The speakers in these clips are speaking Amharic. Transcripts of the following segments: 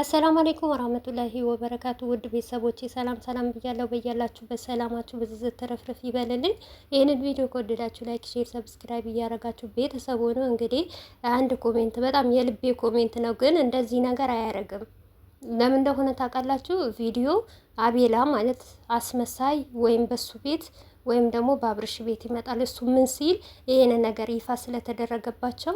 አሰላሙ አለይኩም ወራህመቱላሂ ወበረካቱ ውድ ቤተሰቦች ሰላም ሰላም ብያለሁ። በያላችሁበት ሰላማችሁ ብዝዝት ተረፍረፍ ይበልልኝ። ይህንን ቪዲዮ ከወደዳችሁ ላይክ፣ ሼር፣ ሰብስክራይብ እያረጋችሁ ቤተሰብ ሆኖ እንግዲህ አንድ ኮሜንት በጣም የልቤ ኮሜንት ነው፣ ግን እንደዚህ ነገር አያደርግም። ለምን እንደሆነ ታውቃላችሁ? ቪዲዮ አቤላ ማለት አስመሳይ ወይም በሱ ቤት ወይም ደግሞ በአብርሽ ቤት ይመጣል። እሱ ምን ሲል ይህንን ነገር ይፋ ስለተደረገባቸው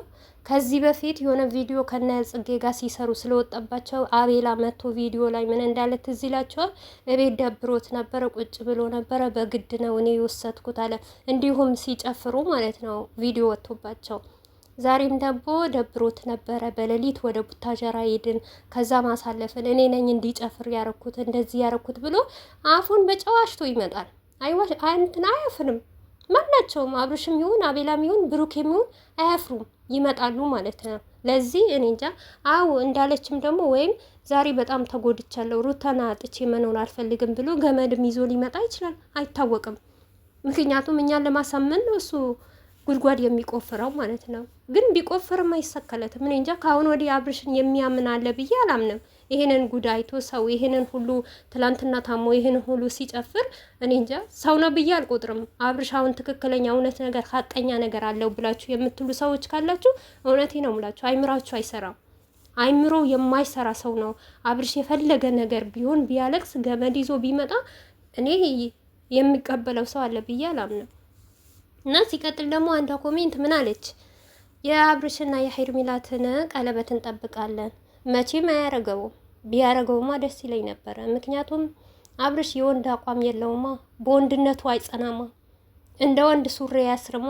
ከዚህ በፊት የሆነ ቪዲዮ ከነ ጽጌ ጋር ሲሰሩ ስለወጣባቸው አቤላ መቶ ቪዲዮ ላይ ምን እንዳለ ትዝ ይላቸዋል። እቤት ደብሮት ነበረ፣ ቁጭ ብሎ ነበረ። በግድ ነው እኔ የወሰድኩት አለ። እንዲሁም ሲጨፍሩ ማለት ነው ቪዲዮ ወጥቶባቸው ዛሬም ደግሞ ደብሮት ነበረ፣ በሌሊት ወደ ቡታጀራ ሄድን፣ ከዛ ማሳለፍን እኔ ነኝ እንዲጨፍር ያረኩት እንደዚህ ያረኩት ብሎ አፉን በጨዋሽቶ ይመጣል። አይዋሽ እንትን አያፍርም። ማናቸውም አብርሽም ይሁን አቤላም ይሁን ብሩኬም ይሁን አያፍሩም፣ ይመጣሉ ማለት ነው። ለዚህ እኔ እንጃ። አው እንዳለችም ደግሞ ወይም ዛሬ በጣም ተጎድቻለሁ ሩታና አጥቼ መኖር አልፈልግም ብሎ ገመድም ይዞ ሊመጣ ይችላል፣ አይታወቅም። ምክንያቱም እኛን ለማሳመን ነው እሱ ጉድጓድ የሚቆፍረው ማለት ነው። ግን ቢቆፍርም አይሰከለትም። እኔ እንጃ። ከአሁን ወዲህ አብርሽን የሚያምን አለ ብዬ አላምንም። ይሄንን ጉዳይቶ ሰው ይሄንን ሁሉ ትላንትና ታሞ ይሄን ሁሉ ሲጨፍር እኔ እንጃ ሰው ነው ብዬ አልቆጥርም። አብርሽ አሁን ትክክለኛ እውነት ነገር ሀጠኛ ነገር አለው ብላችሁ የምትሉ ሰዎች ካላችሁ እውነቴ ነው ሙላችሁ አይምራችሁ አይሰራም። አይምሮ የማይሰራ ሰው ነው አብርሽ። የፈለገ ነገር ቢሆን ቢያለቅስ ገመድ ይዞ ቢመጣ እኔ የሚቀበለው ሰው አለ ብዬ አላምንም። እና ሲቀጥል ደግሞ አንዷ ኮሜንት ምን አለች? የአብርሽና የሀይር ሚላትን ቀለበት እንጠብቃለን መቼም አያረገውም። ቢያረገውማ ደስ ይለኝ ነበረ። ምክንያቱም አብርሽ የወንድ አቋም የለውማ፣ በወንድነቱ አይጸናማ፣ እንደ ወንድ ሱሪ ያስርማ።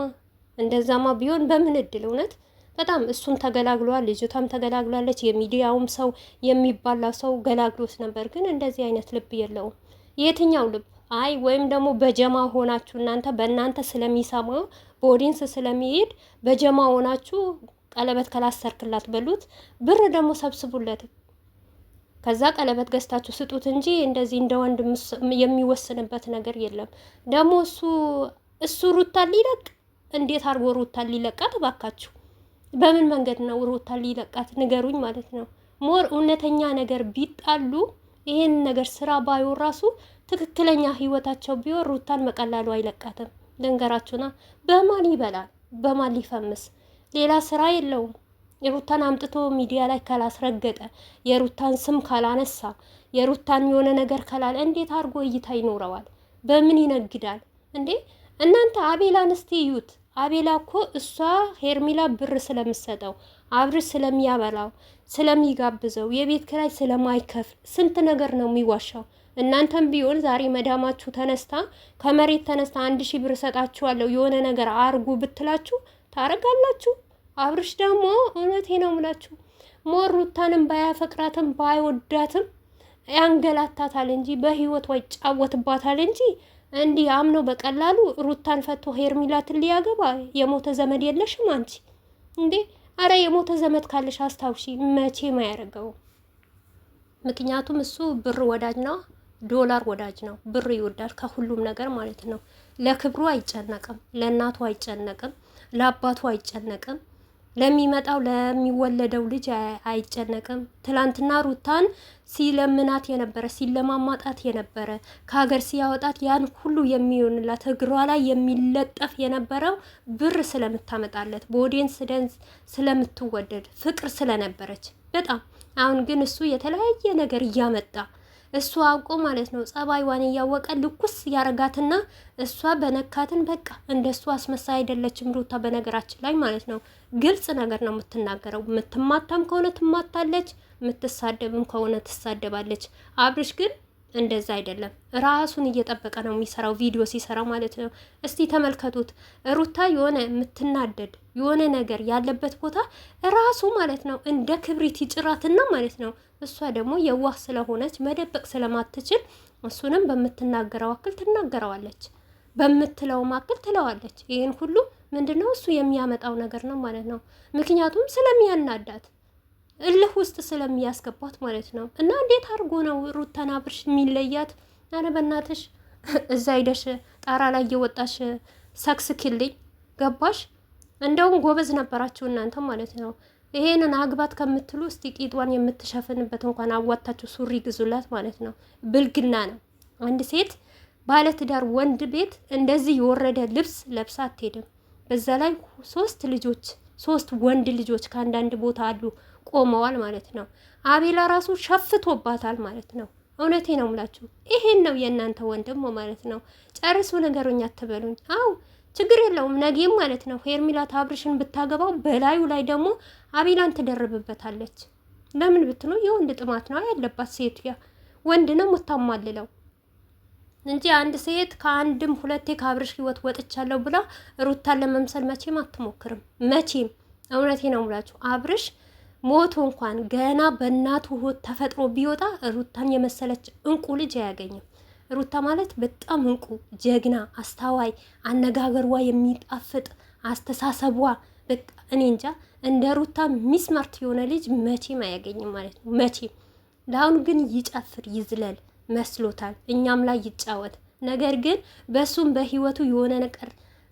እንደዛማ ቢሆን በምን እድል እውነት በጣም እሱም ተገላግሏል፣ ልጅቷም ተገላግሏለች። የሚዲያውም ሰው የሚባላ ሰው ገላግሎት ነበር። ግን እንደዚህ አይነት ልብ የለውም። የትኛው ልብ? አይ ወይም ደግሞ በጀማ ሆናችሁ እናንተ በእናንተ ስለሚሰማ በኦዲንስ ስለሚሄድ በጀማ ሆናችሁ ቀለበት ከላሰርክላት በሉት፣ ብር ደግሞ ሰብስቡለት። ከዛ ቀለበት ገዝታችሁ ስጡት እንጂ እንደዚህ እንደ ወንድ የሚወሰንበት ነገር የለም። ደግሞ እሱ እሱ ሩታን ሊለቅ እንዴት አድርጎ ሩታን ሊለቃት? እባካችሁ በምን መንገድ ነው ሩታን ሊለቃት? ንገሩኝ ማለት ነው። ሞር እውነተኛ ነገር ቢጣሉ ይሄን ነገር ስራ ባዩ ራሱ ትክክለኛ ህይወታቸው ቢሆን ሩታን በቀላሉ አይለቃትም። ልንገራችሁና በማን ይበላል? በማን ሊፈምስ? ሌላ ስራ የለውም። የሩታን አምጥቶ ሚዲያ ላይ ካላስረገጠ የሩታን ስም ካላነሳ የሩታን የሆነ ነገር ካላለ እንዴት አድርጎ እይታ ይኖረዋል? በምን ይነግዳል እንዴ? እናንተ አቤላን እስቲ እዩት። አቤላ እኮ እሷ ሄርሚላ ብር ስለምሰጠው አብር ስለሚያበላው ስለሚጋብዘው የቤት ክራይ ስለማይከፍል ስንት ነገር ነው የሚዋሻው። እናንተም ቢሆን ዛሬ መዳማችሁ ተነስታ ከመሬት ተነስታ አንድ ሺህ ብር እሰጣችኋለሁ የሆነ ነገር አርጉ ብትላችሁ ታረጋላችሁ? አብርሽ ደግሞ እውነቴ ነው ምላችሁ ሞር ሩታንም ባያፈቅራትም ባይወዳትም ያንገላታታል እንጂ በህይወት ይጫወትባታል እንጂ እንዲህ አምኖ በቀላሉ ሩታን ፈቶ ሄርሚላትን ሊያገባ የሞተ ዘመድ የለሽም አንቺ እንዴ! አረ የሞተ ዘመድ ካለሽ አስታውሺ፣ መቼም ማያደርገው? ምክንያቱም እሱ ብር ወዳጅ ነው፣ ዶላር ወዳጅ ነው። ብር ይወዳል ከሁሉም ነገር ማለት ነው። ለክብሩ አይጨነቅም፣ ለእናቱ አይጨነቅም፣ ለአባቱ አይጨነቅም። ለሚመጣው ለሚወለደው ልጅ አይጨነቅም። ትላንትና ሩታን ሲለምናት የነበረ ሲለማማጣት የነበረ ከሀገር ሲያወጣት ያን ሁሉ የሚሆንላት እግሯ ላይ የሚለጠፍ የነበረው ብር ስለምታመጣለት በኦዲየንስ ደንስ ስለምትወደድ ፍቅር ስለነበረች በጣም አሁን ግን እሱ የተለያየ ነገር እያመጣ እሱ አውቆ ማለት ነው ጸባይዋን እያወቀ ልኩስ ያረጋትና እሷ በነካትን በቃ እንደ እሱ አስመሳይ አይደለችም ሩታ በነገራችን ላይ ማለት ነው። ግልጽ ነገር ነው የምትናገረው። የምትማታም ከሆነ ትማታለች፣ የምትሳደብም ከሆነ ትሳደባለች። አብርሽ ግን እንደዛ አይደለም። ራሱን እየጠበቀ ነው የሚሰራው ቪዲዮ ሲሰራ ማለት ነው። እስቲ ተመልከቱት። ሩታ የሆነ የምትናደድ የሆነ ነገር ያለበት ቦታ ራሱ ማለት ነው እንደ ክብሪት ይጭራትና ማለት ነው። እሷ ደግሞ የዋህ ስለሆነች መደበቅ ስለማትችል እሱንም በምትናገረው አክል ትናገረዋለች፣ በምትለው አክል ትለዋለች። ይህን ሁሉ ምንድነው እሱ የሚያመጣው ነገር ነው ማለት ነው። ምክንያቱም ስለሚያናዳት እልህ ውስጥ ስለሚያስገባት ማለት ነው። እና እንዴት አድርጎ ነው ሩተን ብርሽ የሚለያት? አረ በእናትሽ እዛ ሂደሽ ጣራ ላይ እየወጣሽ ሰክስኪልኝ ገባሽ? እንደውም ጎበዝ ነበራችሁ እናንተ ማለት ነው። ይሄንን አግባት ከምትሉ እስቲ ቂጧን የምትሸፍንበት እንኳን አዋታችሁ ሱሪ ግዙላት ማለት ነው። ብልግና ነው። አንድ ሴት ባለትዳር ወንድ ቤት እንደዚህ የወረደ ልብስ ለብሳ አትሄድም። በዛ ላይ ሶስት ልጆች ሶስት ወንድ ልጆች ከአንዳንድ ቦታ አሉ ቆመዋል ማለት ነው። አቤላ ራሱ ሸፍቶባታል ማለት ነው። እውነቴ ነው ምላችሁ፣ ይሄን ነው የእናንተ ወንድሞ ማለት ነው። ጨርሱ ነገሩኝ አትበሉኝ። አው ችግር የለውም ነጌም ማለት ነው ሄርሚላ አብርሽን ብታገባው በላዩ ላይ ደግሞ አቤላን ትደርብበታለች። ለምን ብትሉ የወንድ ጥማት ነው ያለባት ሴትያ ያ ወንድ ነው የምታማልለው እንጂ አንድ ሴት ከአንድም ሁለቴ ከአብርሽ ህይወት ወጥቻለሁ ብላ ሩታን ለመምሰል መቼም አትሞክርም። መቼም እውነቴ ነው ምላችሁ አብርሽ ሞቶ እንኳን ገና በእናቱ ሆድ ተፈጥሮ ቢወጣ ሩታን የመሰለች እንቁ ልጅ አያገኝም። ሩታ ማለት በጣም እንቁ፣ ጀግና፣ አስታዋይ፣ አነጋገሯ የሚጣፍጥ አስተሳሰቧ፣ በቃ እኔ እንጃ እንደ ሩታ ሚስማርት የሆነ ልጅ መቼም አያገኝም ማለት ነው። መቼም ለአሁኑ ግን ይጨፍር ይዝለል መስሎታል፣ እኛም ላይ ይጫወት። ነገር ግን በእሱም በህይወቱ የሆነ ነገር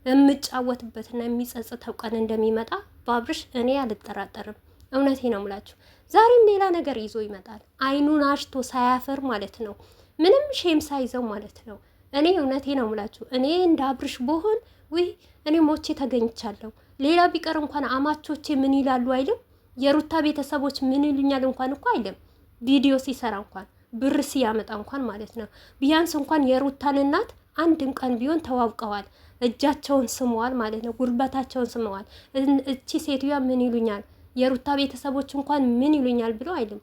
የምጫወትበትና የሚጸጽተው ቀን እንደሚመጣ ባብርሽ እኔ አልጠራጠርም። እውነቴ ነው ምላችሁ። ዛሬም ሌላ ነገር ይዞ ይመጣል። አይኑን አሽቶ ሳያፈር ማለት ነው። ምንም ሼም ሳይዘው ማለት ነው። እኔ እውነቴ ነው ምላችሁ። እኔ እንደ አብርሽ ብሆን ውይ እኔ ሞቼ ተገኝቻለሁ። ሌላ ቢቀር እንኳን አማቾቼ ምን ይላሉ አይልም። የሩታ ቤተሰቦች ምን ይሉኛል እንኳን እኮ አይልም። ቪዲዮ ሲሰራ እንኳን ብር ሲያመጣ እንኳን ማለት ነው። ቢያንስ እንኳን የሩታን እናት አንድም ቀን ቢሆን ተዋውቀዋል። እጃቸውን ስመዋል ማለት ነው። ጉልበታቸውን ስመዋል። እቺ ሴትዮዋ ምን ይሉኛል የሩታ ቤተሰቦች እንኳን ምን ይሉኛል ብሎ አይልም።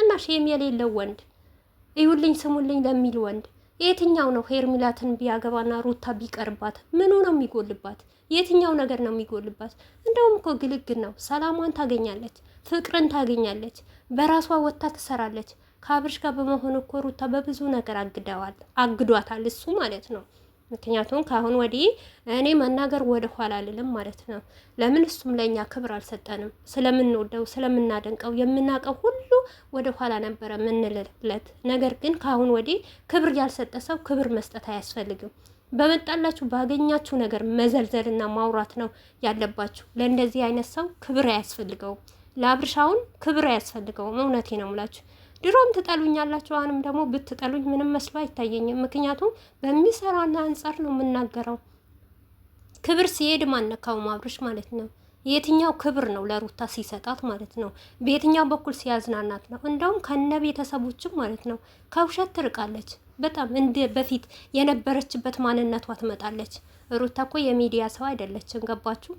እና ሼም የሌለው ወንድ እዩልኝ ስሙልኝ ለሚል ወንድ የትኛው ነው ሄርሚላትን ቢያገባና ሩታ ቢቀርባት ምኑ ነው የሚጎልባት? የትኛው ነገር ነው የሚጎልባት? እንደውም እኮ ግልግል ነው። ሰላሟን ታገኛለች፣ ፍቅርን ታገኛለች፣ በራሷ ወጥታ ትሰራለች። ከአብርሽ ጋር በመሆን እኮ ሩታ በብዙ ነገር አግደዋል አግዷታል እሱ ማለት ነው። ምክንያቱም ከአሁን ወዲህ እኔ መናገር ወደ ኋላ አልልም ማለት ነው። ለምን እሱም ለእኛ ክብር አልሰጠንም። ስለምንወደው ስለምናደንቀው የምናውቀው ሁሉ ወደ ኋላ ነበረ ምንልለት። ነገር ግን ከአሁን ወዲህ ክብር ያልሰጠ ሰው ክብር መስጠት አያስፈልግም። በመጣላችሁ ባገኛችሁ ነገር መዘልዘልና ማውራት ነው ያለባችሁ። ለእንደዚህ አይነት ሰው ክብር አያስፈልገውም። ለአብርሻውን ክብር አያስፈልገውም። እውነቴ ነው የምላችሁ። ድሮም ትጠሉኛላችሁ፣ አሁንም ደግሞ ብትጠሉኝ ምንም መስሎ አይታየኝም። ምክንያቱም በሚሰራና አንጻር ነው የምናገረው። ክብር ሲሄድ ማነካው አብርሽ ማለት ነው። የትኛው ክብር ነው ለሩታ ሲሰጣት ማለት ነው። በየትኛው በኩል ሲያዝናናት ነው። እንደውም ከነ ቤተሰቦችም ማለት ነው ከውሸት ትርቃለች በጣም እንደ በፊት የነበረችበት ማንነቷ ትመጣለች። ሩታ እኮ የሚዲያ ሰው አይደለችም። ገባችሁ?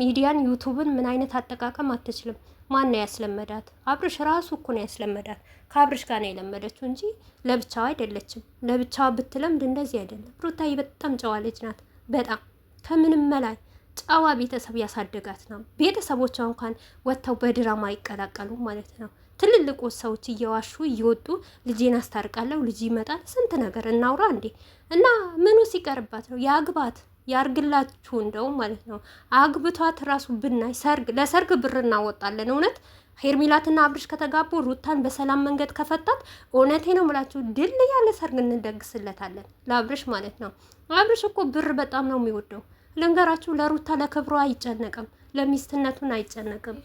ሚዲያን ዩቱብን ምን አይነት አጠቃቀም አትችልም። ማን ነው ያስለመዳት? አብርሽ ራሱ እኮ ነው ያስለመዳት። ከአብርሽ ጋር ነው የለመደችው እንጂ ለብቻዋ አይደለችም። ለብቻዋ ብትለምድ እንደዚህ አይደለም። ሩታዬ በጣም ጨዋ ልጅ ናት። በጣም ከምንም መላይ ጨዋ ቤተሰብ ያሳደጋት ነው። ቤተሰቦቿ እንኳን ወጥተው በድራማ ይቀላቀሉ ማለት ነው። ትልልቁ ሰዎች እየዋሹ እየወጡ ልጄን አስታርቃለሁ፣ ልጅ ይመጣል፣ ስንት ነገር እናውራ እንዴ! እና ምኑ ሲቀርባት ነው? ያግባት ያርግላችሁ እንደው ማለት ነው። አግብቷት ራሱ ብናይ ሰርግ ለሰርግ ብር እናወጣለን። እውነት ሄርሚላትና አብርሽ ከተጋቡ ሩታን በሰላም መንገድ ከፈታት እውነቴ ነው ምላችሁ ድል ያለ ሰርግ እንደግስለታለን ለአብርሽ ማለት ነው። አብርሽ እኮ ብር በጣም ነው የሚወደው። ልንገራችሁ፣ ለሩታ ለክብሩ አይጨነቅም፣ ለሚስትነቱን አይጨነቅም።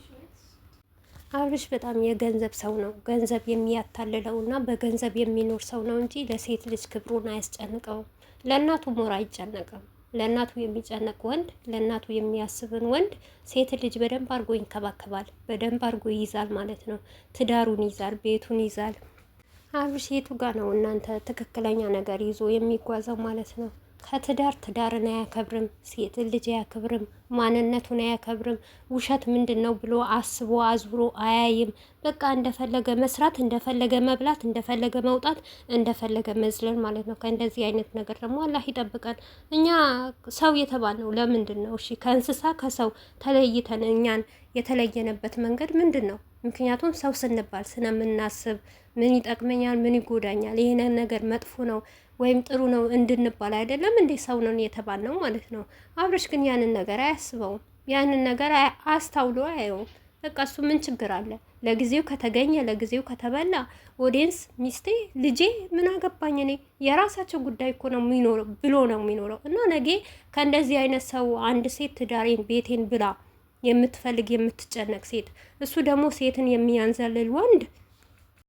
አብርሽ በጣም የገንዘብ ሰው ነው። ገንዘብ የሚያታልለው እና በገንዘብ የሚኖር ሰው ነው እንጂ ለሴት ልጅ ክብሩን አያስጨንቀውም። ለእናቱ ሞራ አይጨነቅም። ለእናቱ የሚጨነቅ ወንድ፣ ለእናቱ የሚያስብን ወንድ ሴት ልጅ በደንብ አርጎ ይንከባከባል፣ በደንብ አድርጎ ይይዛል ማለት ነው። ትዳሩን ይዛል፣ ቤቱን ይዛል። አብርሽ የቱ ጋ ነው እናንተ ትክክለኛ ነገር ይዞ የሚጓዘው ማለት ነው? ከትዳር ትዳርን አያከብርም፣ ሴት ልጅ አያከብርም፣ ማንነቱን አያከብርም። ውሸት ምንድን ነው ብሎ አስቦ አዙሮ አያይም። በቃ እንደፈለገ መስራት፣ እንደፈለገ መብላት፣ እንደፈለገ መውጣት፣ እንደፈለገ መዝለል ማለት ነው። ከእንደዚህ አይነት ነገር ደግሞ አላህ ይጠብቀን። እኛ ሰው የተባልነው ለምንድን ነው? እሺ ከእንስሳ ከሰው ተለይተን እኛን የተለየነበት መንገድ ምንድን ነው? ምክንያቱም ሰው ስንባል ስለምናስብ ምን ይጠቅመኛል፣ ምን ይጎዳኛል፣ ይህንን ነገር መጥፎ ነው ወይም ጥሩ ነው እንድንባል አይደለም እንዴ ሰው ነን ነው ማለት ነው። አብረሽ ግን ያንን ነገር አያስበውም፣ ያንን ነገር አስታውሎ አያየውም። በቃ እሱ ምን ችግር አለ? ለጊዜው ከተገኘ ለጊዜው ከተበላ ኦዲየንስ ሚስቴ ልጄ ምን አገባኝ እኔ የራሳቸው ጉዳይ እኮ ነው የሚኖረው ብሎ ነው የሚኖረው። እና ነገ ከእንደዚህ አይነት ሰው አንድ ሴት ትዳሬን ቤቴን ብላ የምትፈልግ የምትጨነቅ ሴት እሱ ደግሞ ሴትን የሚያንዘልል ወንድ